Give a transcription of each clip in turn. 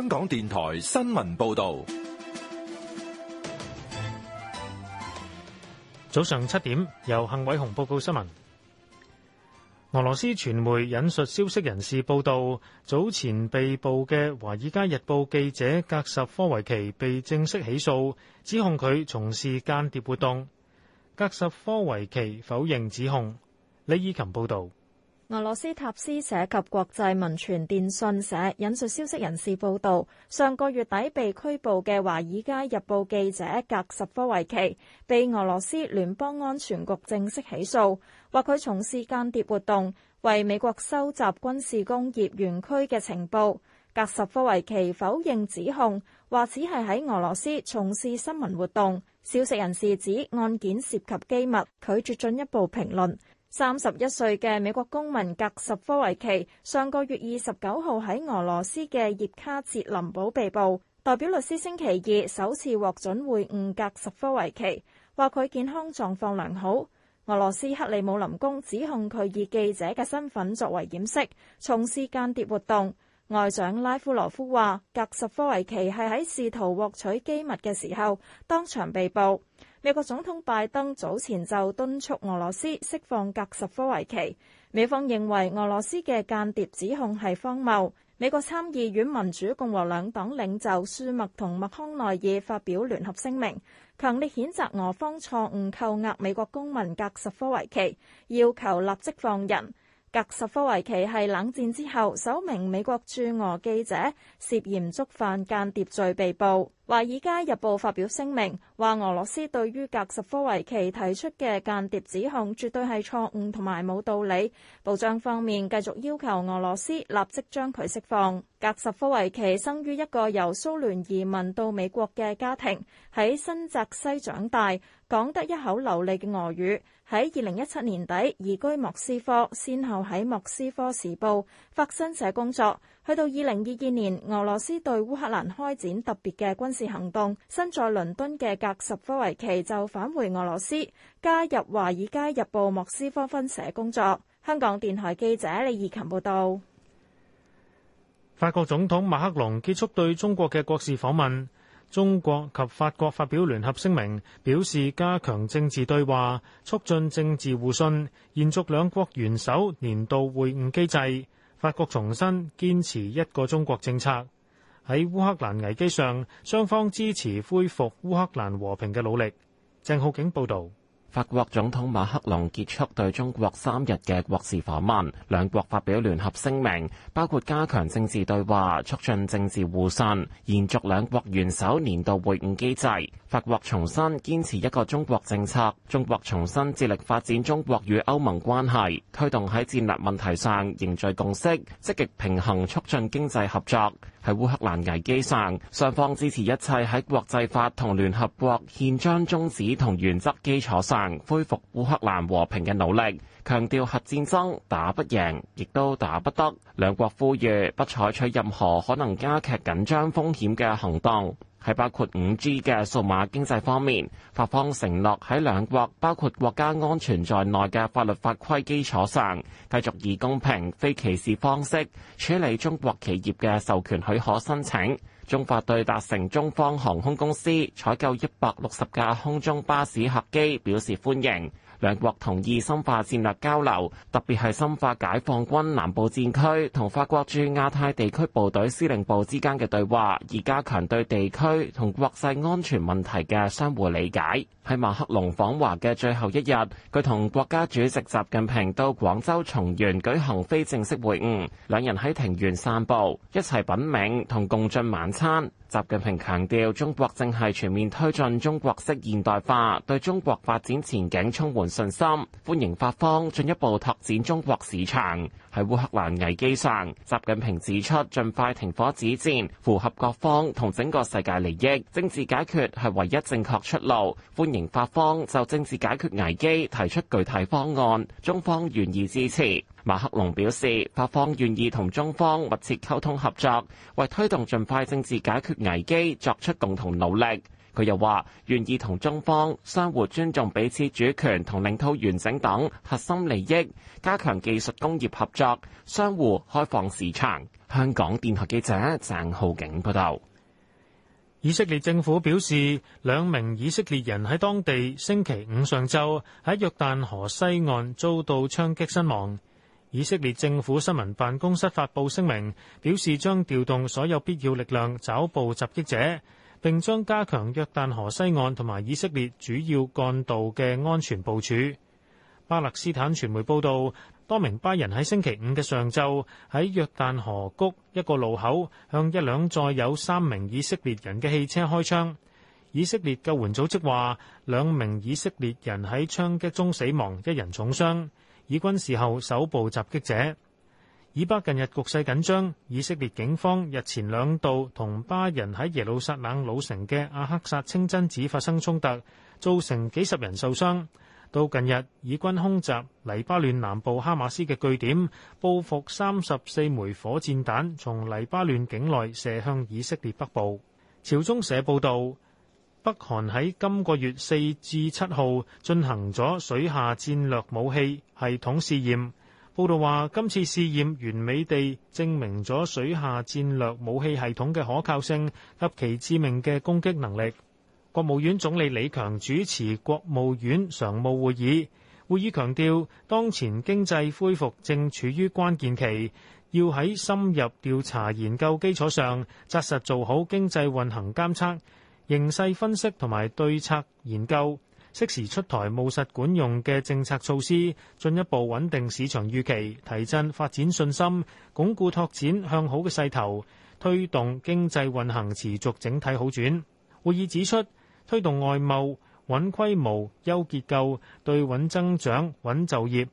香港電台新聞報道，早上七點由幸偉雄報告新聞。俄羅斯傳媒引述消息人士報道，早前被捕嘅《華爾街日報》記者格什科維奇被正式起訴，指控佢從事間諜活動。格什科維奇否認指控。李以琴報道。俄羅斯塔斯社及國際文傳電訊社引述消息人士報道，上個月底被拘捕嘅華爾街日報記者格什科維奇被俄羅斯聯邦安全局正式起訴，話佢從事間諜活動，為美國收集軍事工業園區嘅情報。格什科維奇否認指控，話只係喺俄羅斯從事新聞活動。消息人士指案件涉及機密，拒絕進一步評論。三十一歲嘅美國公民格什科維奇上個月二十九號喺俄羅斯嘅葉卡捷林堡被捕，代表律師星期二首次獲准會晤格什科維奇，話佢健康狀況良好。俄羅斯克里姆林宮指控佢以記者嘅身份作為掩飾，從事間諜活動。外長拉夫羅夫話，格什科維奇係喺試圖獲取機密嘅時候當場被捕。美國總統拜登早前就敦促俄羅斯釋放格什科維奇，美方認為俄羅斯嘅間諜指控係荒謬。美國參議院民主共和兩黨領袖舒默同麥康奈爾發表聯合聲明，強烈譴責俄方錯誤扣押美國公民格什科維奇，要求立即放人。格什科維奇係冷戰之後首名美國駐俄記者涉嫌觸犯間諜罪被捕。華爾街日報發表聲明話，俄羅斯對於格什科維奇提出嘅間諜指控絕對係錯誤同埋冇道理。部長方面，繼續要求俄羅斯立即將佢釋放。格什科維奇生於一個由蘇聯移民到美國嘅家庭，喺新澤西長大，講得一口流利嘅俄語。喺二零一七年底移居莫斯科，先後喺莫斯科時報、法新社工作。去到二零二二年，俄羅斯對烏克蘭開展特別嘅軍事行動，身在倫敦嘅格什科維奇就返回俄羅斯，加入華爾街日報莫斯科分社工作。香港電台記者李怡琴報道。法國總統馬克龍結束對中國嘅國事訪問。中國及法國發表聯合聲明，表示加強政治對話，促進政治互信，延續兩國元首年度會晤機制。法國重申堅持一個中國政策。喺烏克蘭危機上，雙方支持恢復烏克蘭和平嘅努力。鄭浩景報道。法國總統馬克龍結束對中國三日嘅國事訪問，兩國發表聯合聲明，包括加強政治對話、促進政治互信、延續兩國元首年度會晤機制。法國重申堅持一個中國政策，中國重申致力發展中國與歐盟關係，推動喺戰略問題上凝聚共識，積極平衡促進經濟合作。喺烏克蘭危機上，雙方支持一切喺國際法同聯合國憲章宗旨同原則基礎上恢復烏克蘭和平嘅努力，強調核戰爭打不贏，亦都打不得。兩國呼籲不採取任何可能加劇緊張風險嘅行動。喺包括五 G 嘅數碼經濟方面，法方承諾喺兩國包括國家安全在內嘅法律法規基礎上，繼續以公平、非歧視方式處理中國企業嘅授權許可申請。中法對達成中方航空公司採購一百六十架空中巴士客機表示歡迎。兩國同意深化戰略交流，特別係深化解放軍南部戰區同法國駐亞太地區部隊司令部之間嘅對話，而加強對地區同國際安全問題嘅相互理解。喺馬克龍訪華嘅最後一日，佢同國家主席習近平到廣州松園舉行非正式會晤，兩人喺庭園散步，一齊品茗同共進晚餐。習近平強調，中國正係全面推進中國式現代化，對中國發展前景充滿信心，歡迎法方進一步拓展中國市場。喺烏克蘭危機上，習近平指出，盡快停火止戰符合各方同整個世界利益，政治解決係唯一正確出路，歡迎。法方就政治解決危機提出具體方案，中方願意支持。馬克龍表示，法方願意同中方密切溝通合作，為推動盡快政治解決危機作出共同努力。佢又話願意同中方相互尊重彼此主權同領土完整等核心利益，加強技術工業合作，相互開放市場。香港電台記者鄭浩景報道。以色列政府表示，兩名以色列人喺當地星期五上晝喺約旦河西岸遭到槍擊身亡。以色列政府新聞辦公室發布聲明，表示將調動所有必要力量抓捕襲擊者，並將加強約旦河西岸同埋以色列主要幹道嘅安全部署。巴勒斯坦傳媒報道。多名巴人喺星期五嘅上晝喺約旦河谷一個路口向一輛載有三名以色列人嘅汽車開槍。以色列救援組織話，兩名以色列人喺槍擊中死亡，一人重傷。以軍事後搜捕襲擊者。以巴近日局勢緊張，以色列警方日前兩度同巴人喺耶路撒冷老城嘅阿克薩清真寺發生衝突，造成幾十人受傷。到近日，以軍空襲黎巴嫩南部哈馬斯嘅據點，報復三十四枚火箭彈從黎巴嫩境內射向以色列北部。朝中社報道，北韓喺今個月四至七號進行咗水下戰略武器系統試驗。報道話，今次試驗完美地證明咗水下戰略武器系統嘅可靠性及其致命嘅攻擊能力。國務院總理李強主持國務院常務會議，會議強調，當前經濟恢復正處於關鍵期，要喺深入調查研究基礎上，紮實做好經濟運行監測、形勢分析同埋對策研究，適時出台務實管用嘅政策措施，進一步穩定市場預期，提振發展信心，鞏固拓展向好嘅勢頭，推動經濟運行持續整體好轉。會議指出，推動外貿穩規模、優結構，對穩增長、穩就業，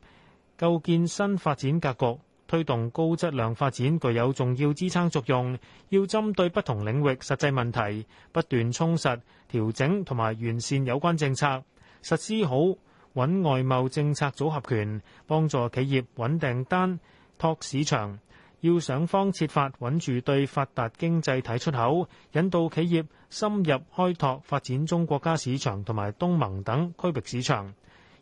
構建新發展格局，推動高質量發展具有重要支撐作用。要針對不同領域實際問題，不斷充實、調整同埋完善有關政策，實施好穩外貿政策組合拳，幫助企業穩訂單、拓市場。要想方設法穩住對發達經濟體出口，引導企業。深入開拓發展中國家市場同埋東盟等區域市場，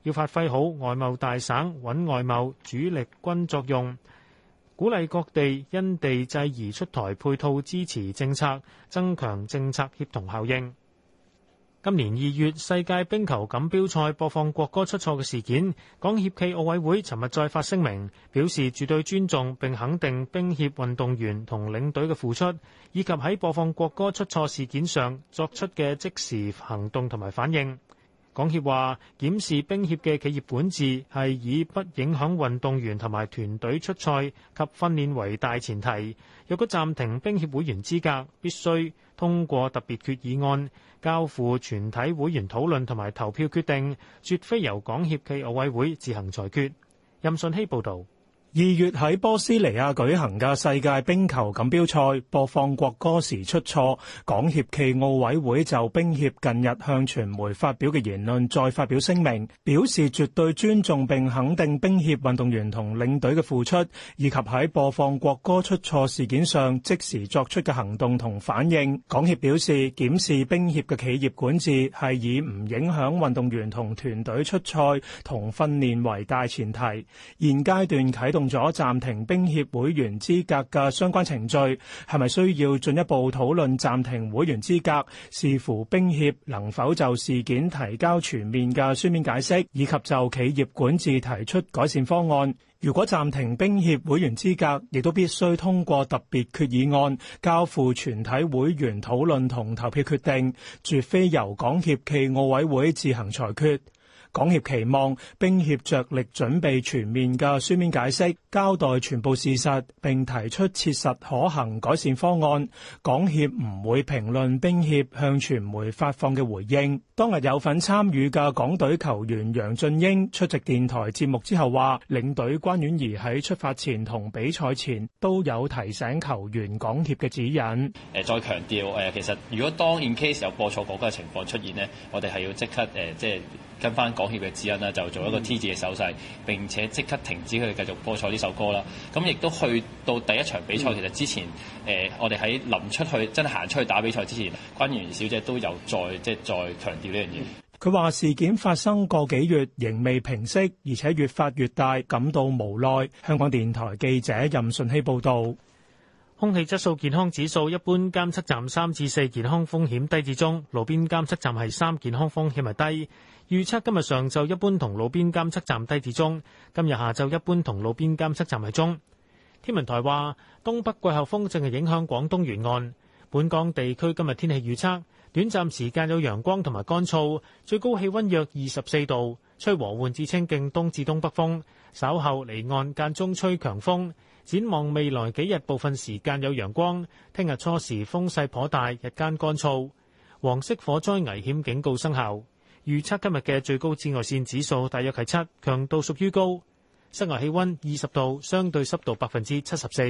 要發揮好外貿大省穩外貿主力軍作用，鼓勵各地因地制宜出台配套支持政策，增強政策協同效應。今年二月世界冰球錦標賽播放國歌出錯嘅事件，港協暨奧委會尋日再發聲明，表示絕對尊重並肯定冰協運動員同領隊嘅付出，以及喺播放國歌出錯事件上作出嘅即時行動同埋反應。港協話，檢視冰協嘅企業管治係以不影響運動員同埋團隊出賽及訓練為大前提。若果暫停冰協會員資格，必須通過特別決議案，交付全體會員討論同埋投票決定，絕非由港協暨奧委會自行裁決。任信希報導。二月喺波斯尼亞舉行嘅世界冰球錦標賽，播放國歌時出錯，港協暨奧委會就冰協近日向傳媒發表嘅言論再發表聲明，表示絕對尊重並肯定冰協運動員同領隊嘅付出，以及喺播放國歌出錯事件上即時作出嘅行動同反應。港協表示，檢視冰協嘅企業管治係以唔影響運動員同團隊出賽同訓練為大前提，現階段啟動咗暫停冰協會員資格嘅相關程序，係咪需要進一步討論暫停會員資格？視乎冰協能否就事件提交全面嘅書面解釋，以及就企業管治提出改善方案。如果暫停冰協會員資格，亦都必須通過特別決議案，交付全體會員討論同投票決定，絕非由港協暨奧委會自行裁決。港協期望冰協着力準備全面嘅書面解釋，交代全部事實，並提出切實可行改善方案。港協唔會評論冰協向傳媒發放嘅回應。當日有份參與嘅港隊球員楊俊英出席電台節目之後話，領隊關婉儀喺出發前同比賽前都有提醒球員港協嘅指引。誒，再強調誒，其實如果當 in case 有播錯嗰個情況出現呢，我哋係要即刻誒、呃，即係。跟翻港協嘅指引啦，就做一個 T 字嘅手勢，並且即刻停止佢哋繼續播錯呢首歌啦。咁亦都去到第一場比賽，其實之前誒、呃、我哋喺臨出去真係行出去打比賽之前，關員小姐都有再即係再強調呢樣嘢。佢話事件發生個幾月仍未平息，而且越發越大，感到無奈。香港電台記者任順希報導。空氣質素健康指數一般監測站三至四，健康風險低至中；路邊監測站係三，健康風險係低。預測今日上晝一般同路邊監測站低至中，今日下晝一般同路邊監測站係中。天文台話，東北季候風正係影響廣東沿岸，本港地區今日天氣預測，短暫時間有陽光同埋乾燥，最高氣溫約二十四度，吹和緩至清勁東至東北風，稍後離岸間中吹強風。展望未來幾日，部分時間有陽光。聽日初時風勢頗大，日間乾燥。黃色火災危險警告生效。預測今日嘅最高紫外線指數大約係七，強度屬於高。室外氣溫二十度，相對濕度百分之七十四。